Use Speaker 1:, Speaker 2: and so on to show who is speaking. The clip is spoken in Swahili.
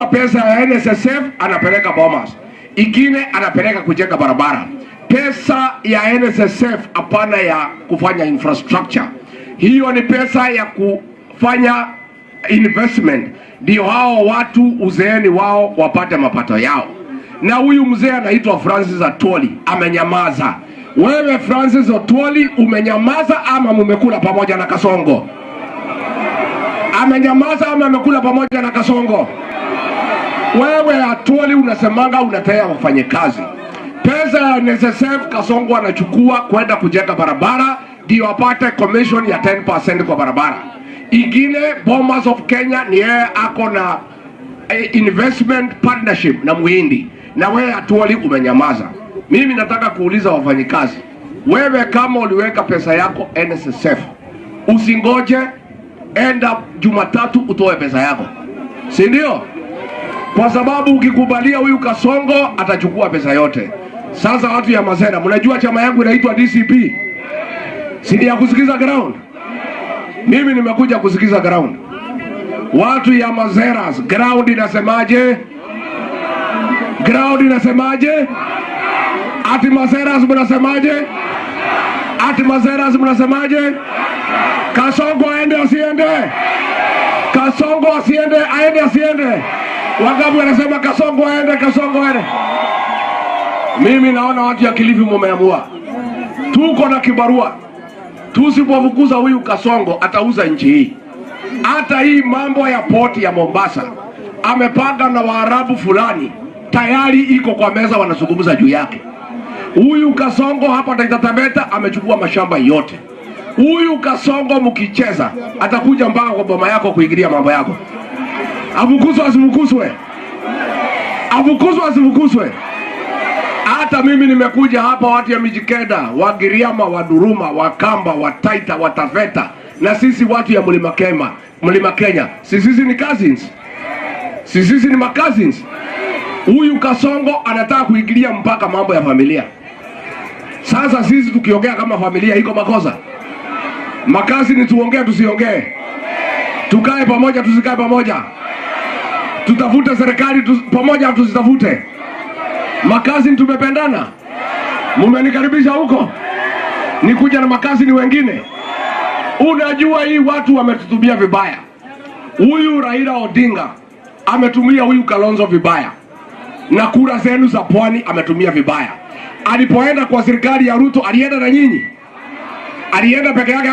Speaker 1: Pesa ya NSSF anapeleka Bomas, ingine anapeleka kujenga barabara. Pesa ya NSSF hapana ya kufanya infrastructure, hiyo ni pesa ya kufanya investment, ndio hao watu uzeeni wao wapate mapato yao. Na huyu mzee anaitwa Francis Atwoli amenyamaza. Wewe Francis Atwoli umenyamaza ama mumekula pamoja na Kasongo? Amenyamaza ama amekula pamoja na Kasongo? Wewe atuali unasemanga unatea kazi pesa ya NSSF. Kasongo anachukua kwenda kujenga barabara ndio apate commission ya 10% kwa barabara ingine. Bomas of Kenya ni yeye ako na e, investment partnership na Muhindi, na wewe atuali umenyamaza. Mimi nataka kuuliza wafanyikazi, wewe kama uliweka pesa yako NSSF, usingoje enda Jumatatu utoe pesa yako, si ndio? kwa sababu ukikubalia huyu Kasongo atachukua pesa yote. Sasa watu ya Mazera, mnajua chama yangu inaitwa DCP, si ni ya kusikiza ground? Mimi nimekuja kusikiza ground. Watu ya Mazera, ground inasemaje? Ground inasemaje? Ati Mazera mnasemaje? Ati Mazera mnasemaje? Kasongo aende asiende? Kasongo asiende, aende asiende? Wangapi wanasema Kasongo aende, Kasongo aende? Mimi naona watu ya Kilifi mumeamua, tuko na kibarua. Tusipofukuza huyu Kasongo atauza nchi hii. Hata hii mambo ya poti ya Mombasa amepanga na Waarabu fulani, tayari iko kwa meza, wanazungumza juu yake. Huyu Kasongo hapa Taita Taveta amechukua mashamba yote. Huyu Kasongo mkicheza, atakuja mpaka kwa boma yako kuingilia mambo yako. Avukuzwe asivukuzwe, avukuzwe asivukuzwe. Hata mimi nimekuja hapa, watu ya Mijikenda, Wagiriama, Waduruma, Wakamba, Wataita, Wataveta na sisi watu ya mlima Kenya, mlima Kenya, si sisi ni cousins, si sisi ni cousins. Huyu Kasongo anataka kuingilia mpaka mambo ya familia. Sasa sisi tukiongea kama familia iko makosa? Makazi ni tuongee tusiongee? Tukae pamoja tusikae pamoja? tutafute serikali tu, pamoja tuzitafute makazi. Tumependana, mumenikaribisha huko, nikuja na makazi ni wengine. Unajua hii watu wametutumia vibaya. Huyu Raila Odinga ametumia huyu Kalonzo vibaya, na kura zenu za pwani ametumia vibaya. Alipoenda kwa serikali ya Ruto alienda na nyinyi, alienda peke yake.